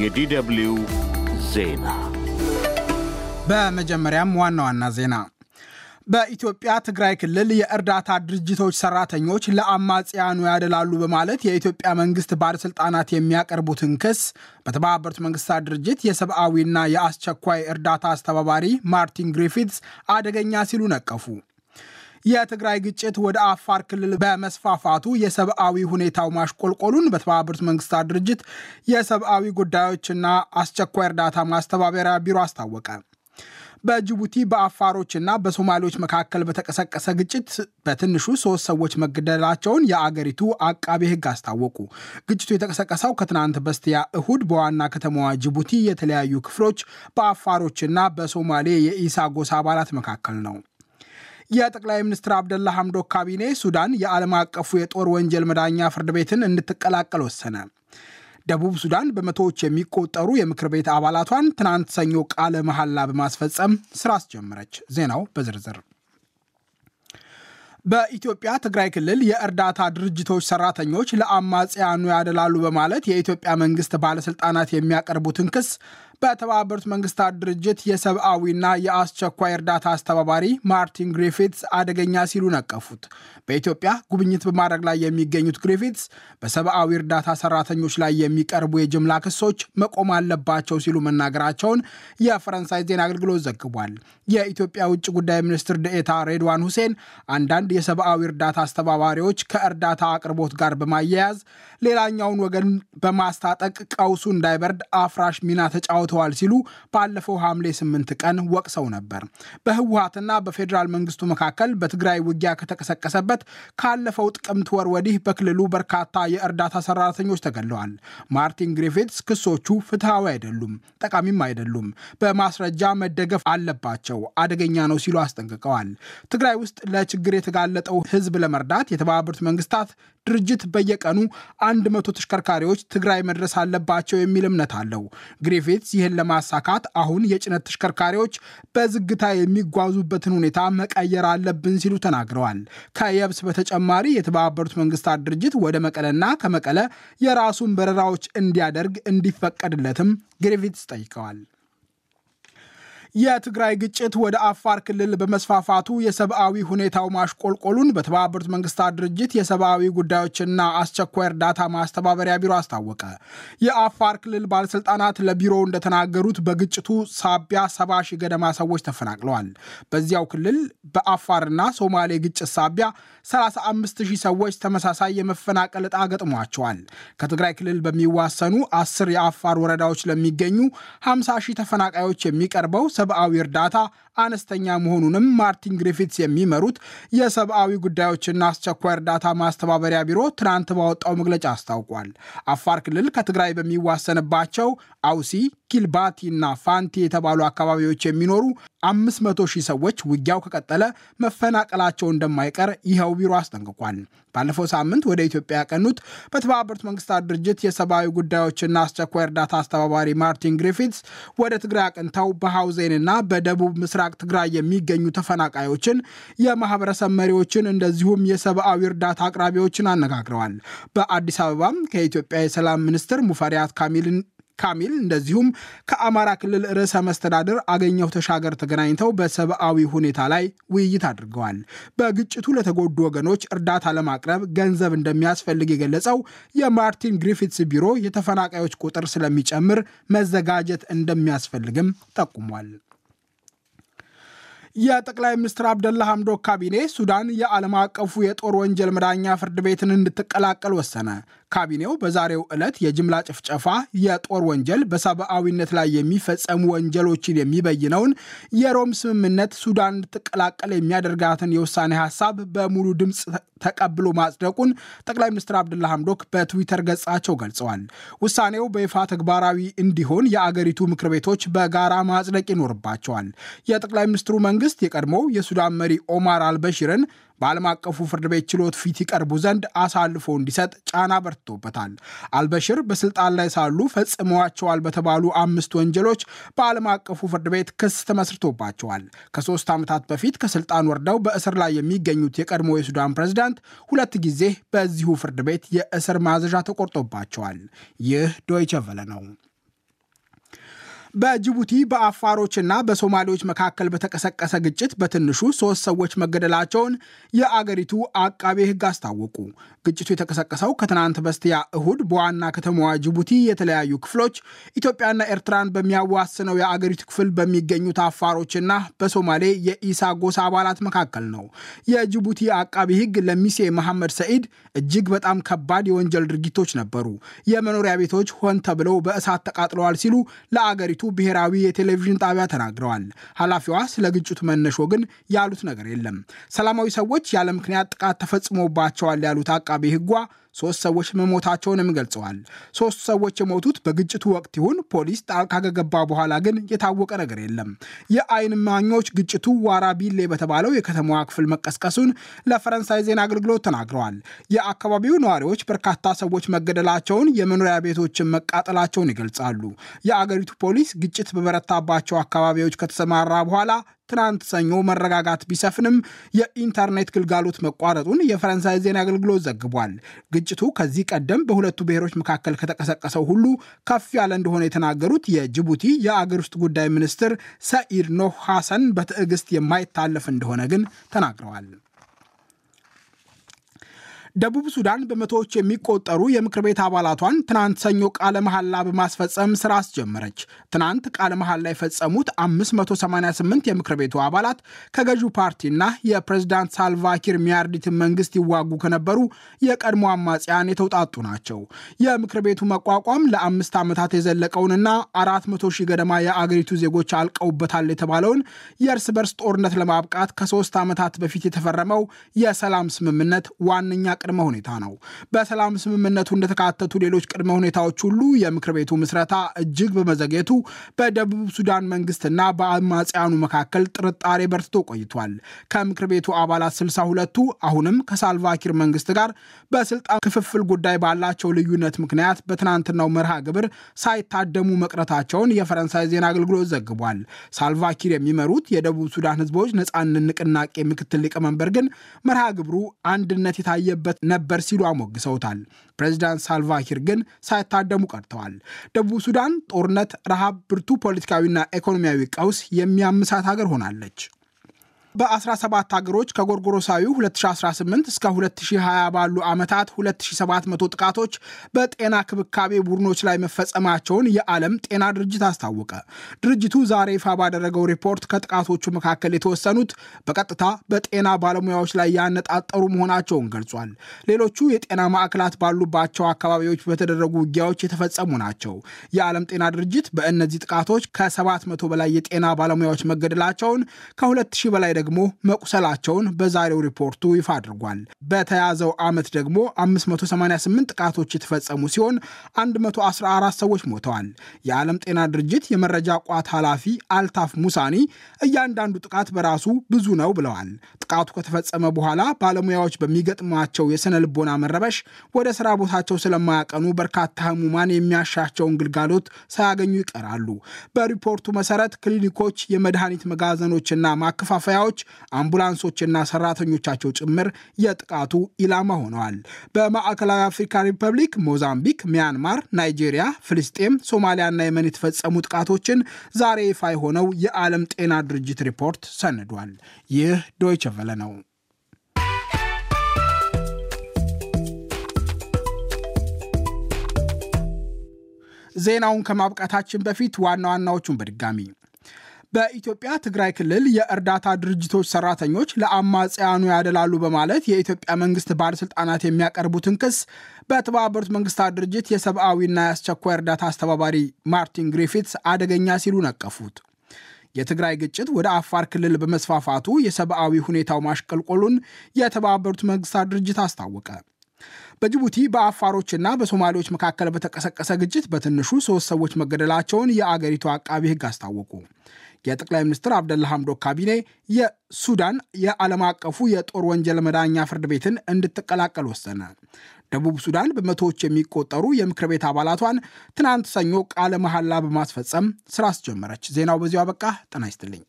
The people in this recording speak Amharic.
የዲደብሊው ዜና በመጀመሪያም ዋና ዋና ዜና በኢትዮጵያ ትግራይ ክልል የእርዳታ ድርጅቶች ሰራተኞች ለአማጽያኑ ያደላሉ በማለት የኢትዮጵያ መንግስት ባለሥልጣናት የሚያቀርቡትን ክስ በተባበሩት መንግስታት ድርጅት የሰብአዊና የአስቸኳይ እርዳታ አስተባባሪ ማርቲን ግሪፊትስ አደገኛ ሲሉ ነቀፉ። የትግራይ ግጭት ወደ አፋር ክልል በመስፋፋቱ የሰብአዊ ሁኔታው ማሽቆልቆሉን በተባበሩት መንግስታት ድርጅት የሰብአዊ ጉዳዮችና አስቸኳይ እርዳታ ማስተባበሪያ ቢሮ አስታወቀ። በጅቡቲ በአፋሮችና በሶማሌዎች መካከል በተቀሰቀሰ ግጭት በትንሹ ሶስት ሰዎች መገደላቸውን የአገሪቱ አቃቤ ሕግ አስታወቁ። ግጭቱ የተቀሰቀሰው ከትናንት በስቲያ እሁድ በዋና ከተማዋ ጅቡቲ የተለያዩ ክፍሎች በአፋሮችና በሶማሌ የኢሳ ጎሳ አባላት መካከል ነው። የጠቅላይ ሚኒስትር አብደላ ሐምዶ ካቢኔ ሱዳን የዓለም አቀፉ የጦር ወንጀል መዳኛ ፍርድ ቤትን እንድትቀላቀል ወሰነ። ደቡብ ሱዳን በመቶዎች የሚቆጠሩ የምክር ቤት አባላቷን ትናንት ሰኞ ቃለ መሐላ በማስፈጸም ስራ አስጀመረች። ዜናው በዝርዝር በኢትዮጵያ ትግራይ ክልል የእርዳታ ድርጅቶች ሰራተኞች ለአማጽያኑ ያደላሉ በማለት የኢትዮጵያ መንግስት ባለስልጣናት የሚያቀርቡትን ክስ በተባበሩት መንግስታት ድርጅት የሰብአዊና የአስቸኳይ እርዳታ አስተባባሪ ማርቲን ግሪፊትስ አደገኛ ሲሉ ነቀፉት። በኢትዮጵያ ጉብኝት በማድረግ ላይ የሚገኙት ግሪፊትስ በሰብአዊ እርዳታ ሰራተኞች ላይ የሚቀርቡ የጅምላ ክሶች መቆም አለባቸው ሲሉ መናገራቸውን የፈረንሳይ ዜና አገልግሎት ዘግቧል። የኢትዮጵያ ውጭ ጉዳይ ሚኒስትር ደኤታ ሬድዋን ሁሴን አንዳንድ የሰብአዊ እርዳታ አስተባባሪዎች ከእርዳታ አቅርቦት ጋር በማያያዝ ሌላኛውን ወገን በማስታጠቅ ቀውሱ እንዳይበርድ አፍራሽ ሚና ተጫወት ተገኝተዋል ሲሉ ባለፈው ሐምሌ 8 ቀን ወቅሰው ነበር። በህወሀትና በፌዴራል መንግስቱ መካከል በትግራይ ውጊያ ከተቀሰቀሰበት ካለፈው ጥቅምት ወር ወዲህ በክልሉ በርካታ የእርዳታ ሰራተኞች ተገለዋል። ማርቲን ግሪፊትስ ክሶቹ ፍትሐዊ አይደሉም፣ ጠቃሚም አይደሉም፣ በማስረጃ መደገፍ አለባቸው፣ አደገኛ ነው ሲሉ አስጠንቅቀዋል። ትግራይ ውስጥ ለችግር የተጋለጠው ህዝብ ለመርዳት የተባበሩት መንግስታት ድርጅት በየቀኑ አንድ መቶ ተሽከርካሪዎች ትግራይ መድረስ አለባቸው የሚል እምነት አለው። ግሪፊትስ ይህን ለማሳካት አሁን የጭነት ተሽከርካሪዎች በዝግታ የሚጓዙበትን ሁኔታ መቀየር አለብን ሲሉ ተናግረዋል። ከየብስ በተጨማሪ የተባበሩት መንግስታት ድርጅት ወደ መቀለና ከመቀለ የራሱን በረራዎች እንዲያደርግ እንዲፈቀድለትም ግሪፊትስ ጠይቀዋል። የትግራይ ግጭት ወደ አፋር ክልል በመስፋፋቱ የሰብአዊ ሁኔታው ማሽቆልቆሉን በተባበሩት መንግስታት ድርጅት የሰብአዊ ጉዳዮችና አስቸኳይ እርዳታ ማስተባበሪያ ቢሮ አስታወቀ። የአፋር ክልል ባለስልጣናት ለቢሮው እንደተናገሩት በግጭቱ ሳቢያ ሰባ ሺህ ገደማ ሰዎች ተፈናቅለዋል። በዚያው ክልል በአፋርና ሶማሌ ግጭት ሳቢያ 35 ሺህ ሰዎች ተመሳሳይ የመፈናቀል ዕጣ ገጥሟቸዋል። ከትግራይ ክልል በሚዋሰኑ አስር የአፋር ወረዳዎች ለሚገኙ 50 ሺህ ተፈናቃዮች የሚቀርበው ሰብአዊ እርዳታ አነስተኛ መሆኑንም ማርቲን ግሪፊትስ የሚመሩት የሰብአዊ ጉዳዮችና አስቸኳይ እርዳታ ማስተባበሪያ ቢሮ ትናንት ባወጣው መግለጫ አስታውቋል። አፋር ክልል ከትግራይ በሚዋሰንባቸው አውሲ፣ ኪልባቲ እና ፋንቲ የተባሉ አካባቢዎች የሚኖሩ 500 ሺህ ሰዎች ውጊያው ከቀጠለ መፈናቀላቸው እንደማይቀር ይኸው ቢሮ አስጠንቅቋል። ባለፈው ሳምንት ወደ ኢትዮጵያ ያቀኑት በተባበሩት መንግስታት ድርጅት የሰብአዊ ጉዳዮችና አስቸኳይ እርዳታ አስተባባሪ ማርቲን ግሪፊትስ ወደ ትግራይ አቅንተው በሐውዜንና በደቡብ ምስራ ምስራቅ ትግራይ የሚገኙ ተፈናቃዮችን፣ የማህበረሰብ መሪዎችን እንደዚሁም የሰብአዊ እርዳታ አቅራቢዎችን አነጋግረዋል። በአዲስ አበባም ከኢትዮጵያ የሰላም ሚኒስትር ሙፈሪያት ካሚልን ካሚል እንደዚሁም ከአማራ ክልል ርዕሰ መስተዳድር አገኘሁ ተሻገር ተገናኝተው በሰብአዊ ሁኔታ ላይ ውይይት አድርገዋል። በግጭቱ ለተጎዱ ወገኖች እርዳታ ለማቅረብ ገንዘብ እንደሚያስፈልግ የገለጸው የማርቲን ግሪፊትስ ቢሮ የተፈናቃዮች ቁጥር ስለሚጨምር መዘጋጀት እንደሚያስፈልግም ጠቁሟል። የጠቅላይ ሚኒስትር አብደላ ሐምዶክ ካቢኔ ሱዳን የዓለም አቀፉ የጦር ወንጀል መዳኛ ፍርድ ቤትን እንድትቀላቀል ወሰነ። ካቢኔው በዛሬው ዕለት የጅምላ ጭፍጨፋ፣ የጦር ወንጀል፣ በሰብአዊነት ላይ የሚፈጸሙ ወንጀሎችን የሚበይነውን የሮም ስምምነት ሱዳን ትቀላቀል የሚያደርጋትን የውሳኔ ሀሳብ በሙሉ ድምፅ ተቀብሎ ማጽደቁን ጠቅላይ ሚኒስትር አብድላ ሐምዶክ በትዊተር ገጻቸው ገልጸዋል። ውሳኔው በይፋ ተግባራዊ እንዲሆን የአገሪቱ ምክር ቤቶች በጋራ ማጽደቅ ይኖርባቸዋል። የጠቅላይ ሚኒስትሩ መንግስት የቀድሞው የሱዳን መሪ ኦማር አልበሽርን በዓለም አቀፉ ፍርድ ቤት ችሎት ፊት ይቀርቡ ዘንድ አሳልፎ እንዲሰጥ ጫና በርት ተሰጥቶበታል። አልበሽር በስልጣን ላይ ሳሉ ፈጽመዋቸዋል በተባሉ አምስት ወንጀሎች በዓለም አቀፉ ፍርድ ቤት ክስ ተመስርቶባቸዋል። ከሶስት ዓመታት በፊት ከስልጣን ወርደው በእስር ላይ የሚገኙት የቀድሞ የሱዳን ፕሬዝዳንት ሁለት ጊዜ በዚሁ ፍርድ ቤት የእስር ማዘዣ ተቆርጦባቸዋል። ይህ ዶይቸ ቨለ ነው። በጅቡቲ በአፋሮችና በሶማሌዎች መካከል በተቀሰቀሰ ግጭት በትንሹ ሶስት ሰዎች መገደላቸውን የአገሪቱ አቃቤ ሕግ አስታወቁ። ግጭቱ የተቀሰቀሰው ከትናንት በስቲያ እሁድ በዋና ከተማዋ ጅቡቲ የተለያዩ ክፍሎች ኢትዮጵያና ኤርትራን በሚያዋስነው የአገሪቱ ክፍል በሚገኙት አፋሮችና በሶማሌ የኢሳ ጎሳ አባላት መካከል ነው። የጅቡቲ አቃቢ ሕግ ለሚሴ መሐመድ ሰኢድ እጅግ በጣም ከባድ የወንጀል ድርጊቶች ነበሩ፣ የመኖሪያ ቤቶች ሆን ተብለው በእሳት ተቃጥለዋል ሲሉ ለአገሪቱ የሀገሪቱ ብሔራዊ የቴሌቪዥን ጣቢያ ተናግረዋል። ኃላፊዋ ስለ ግጭቱ መነሾ ግን ያሉት ነገር የለም። ሰላማዊ ሰዎች ያለ ምክንያት ጥቃት ተፈጽሞባቸዋል ያሉት አቃቤ ሕጓ ሶስት ሰዎች መሞታቸውንም ገልጸዋል። ሶስቱ ሰዎች የሞቱት በግጭቱ ወቅት ይሁን ፖሊስ ጣልቃ ከገባ በኋላ ግን የታወቀ ነገር የለም። የአይን ማኞች ግጭቱ ቢሌ በተባለው የከተማዋ ክፍል መቀስቀሱን ለፈረንሳይ ዜና አገልግሎት ተናግረዋል። የአካባቢው ነዋሪዎች በርካታ ሰዎች መገደላቸውን፣ የመኖሪያ ቤቶችን መቃጠላቸውን ይገልጻሉ። የአገሪቱ ፖሊስ ግጭት በበረታባቸው አካባቢዎች ከተሰማራ በኋላ ትናንት ሰኞ መረጋጋት ቢሰፍንም የኢንተርኔት ግልጋሎት መቋረጡን የፈረንሳይ ዜና አገልግሎት ዘግቧል። ግጭቱ ከዚህ ቀደም በሁለቱ ብሔሮች መካከል ከተቀሰቀሰው ሁሉ ከፍ ያለ እንደሆነ የተናገሩት የጅቡቲ የአገር ውስጥ ጉዳይ ሚኒስትር ሰኢድ ኖህ ሐሰን በትዕግስት የማይታለፍ እንደሆነ ግን ተናግረዋል። ደቡብ ሱዳን በመቶዎች የሚቆጠሩ የምክር ቤት አባላቷን ትናንት ሰኞ ቃለ መሐላ በማስፈጸም ስራ አስጀመረች። ትናንት ቃለ መሐላ የፈጸሙት 588 የምክር ቤቱ አባላት ከገዢው ፓርቲና የፕሬዝዳንት ሳልቫኪር ሚያርዲትን መንግስት ይዋጉ ከነበሩ የቀድሞ አማጽያን የተውጣጡ ናቸው። የምክር ቤቱ መቋቋም ለአምስት ዓመታት የዘለቀውንና 400 ሺህ ገደማ የአገሪቱ ዜጎች አልቀውበታል የተባለውን የእርስ በርስ ጦርነት ለማብቃት ከሶስት ዓመታት በፊት የተፈረመው የሰላም ስምምነት ዋነኛ ቅድመ ሁኔታ ነው። በሰላም ስምምነቱ እንደተካተቱ ሌሎች ቅድመ ሁኔታዎች ሁሉ የምክር ቤቱ ምስረታ እጅግ በመዘግየቱ በደቡብ ሱዳን መንግስትና በአማጽያኑ መካከል ጥርጣሬ በርትቶ ቆይቷል። ከምክር ቤቱ አባላት ስልሳ ሁለቱ አሁንም ከሳልቫኪር መንግስት ጋር በስልጣን ክፍፍል ጉዳይ ባላቸው ልዩነት ምክንያት በትናንትናው መርሃ ግብር ሳይታደሙ መቅረታቸውን የፈረንሳይ ዜና አገልግሎት ዘግቧል። ሳልቫኪር የሚመሩት የደቡብ ሱዳን ህዝቦች ነጻነት ንቅናቄ ምክትል ሊቀመንበር ግን መርሃ ግብሩ አንድነት የታየበት ይገኝበት ነበር ሲሉ አሞግሰውታል። ፕሬዚዳንት ሳልቫኪር ግን ሳይታደሙ ቀርተዋል። ደቡብ ሱዳን ጦርነት፣ ረሃብ፣ ብርቱ ፖለቲካዊና ኢኮኖሚያዊ ቀውስ የሚያምሳት ሀገር ሆናለች። በ17 ሀገሮች ከጎርጎሮሳዊው 2018 እስከ 2020 ባሉ ዓመታት 2700 ጥቃቶች በጤና ክብካቤ ቡድኖች ላይ መፈጸማቸውን የዓለም ጤና ድርጅት አስታወቀ። ድርጅቱ ዛሬ ይፋ ባደረገው ሪፖርት ከጥቃቶቹ መካከል የተወሰኑት በቀጥታ በጤና ባለሙያዎች ላይ ያነጣጠሩ መሆናቸውን ገልጿል። ሌሎቹ የጤና ማዕከላት ባሉባቸው አካባቢዎች በተደረጉ ውጊያዎች የተፈጸሙ ናቸው። የዓለም ጤና ድርጅት በእነዚህ ጥቃቶች ከ700 በላይ የጤና ባለሙያዎች መገደላቸውን ከ 2000 በላይ ደግሞ መቁሰላቸውን በዛሬው ሪፖርቱ ይፋ አድርጓል። በተያዘው ዓመት ደግሞ 588 ጥቃቶች የተፈጸሙ ሲሆን 114 ሰዎች ሞተዋል። የዓለም ጤና ድርጅት የመረጃ ቋት ኃላፊ አልታፍ ሙሳኒ እያንዳንዱ ጥቃት በራሱ ብዙ ነው ብለዋል። ጥቃቱ ከተፈጸመ በኋላ ባለሙያዎች በሚገጥማቸው የስነ ልቦና መረበሽ ወደ ስራ ቦታቸው ስለማያቀኑ በርካታ ህሙማን የሚያሻቸውን ግልጋሎት ሳያገኙ ይቀራሉ። በሪፖርቱ መሰረት ክሊኒኮች፣ የመድኃኒት መጋዘኖችና ማከፋፈያዎች ሰዎች፣ አምቡላንሶችና ሰራተኞቻቸው ጭምር የጥቃቱ ኢላማ ሆነዋል። በማዕከላዊ አፍሪካ ሪፐብሊክ፣ ሞዛምቢክ፣ ሚያንማር፣ ናይጄሪያ፣ ፍልስጤም፣ ሶማሊያና የመን የተፈጸሙ ጥቃቶችን ዛሬ ይፋ የሆነው የዓለም ጤና ድርጅት ሪፖርት ሰንዷል። ይህ ዶይቸ ቨለ ነው። ዜናውን ከማብቃታችን በፊት ዋና ዋናዎቹን በድጋሚ በኢትዮጵያ ትግራይ ክልል የእርዳታ ድርጅቶች ሰራተኞች ለአማጽያኑ ያደላሉ በማለት የኢትዮጵያ መንግስት ባለስልጣናት የሚያቀርቡትን ክስ በተባበሩት መንግስታት ድርጅት የሰብአዊና የአስቸኳይ እርዳታ አስተባባሪ ማርቲን ግሪፊትስ አደገኛ ሲሉ ነቀፉት። የትግራይ ግጭት ወደ አፋር ክልል በመስፋፋቱ የሰብአዊ ሁኔታው ማሽቀልቆሉን የተባበሩት መንግስታት ድርጅት አስታወቀ። በጅቡቲ በአፋሮችና በሶማሌዎች መካከል በተቀሰቀሰ ግጭት በትንሹ ሶስት ሰዎች መገደላቸውን የአገሪቱ አቃቢ ሕግ አስታወቁ። የጠቅላይ ሚኒስትር አብደላ ሐምዶክ ካቢኔ የሱዳን የዓለም አቀፉ የጦር ወንጀል መዳኛ ፍርድ ቤትን እንድትቀላቀል ወሰነ። ደቡብ ሱዳን በመቶዎች የሚቆጠሩ የምክር ቤት አባላቷን ትናንት ሰኞ ቃለ መሐላ በማስፈጸም ስራ አስጀመረች። ዜናው በዚሁ አበቃ። ጤና ይስጥልኝ።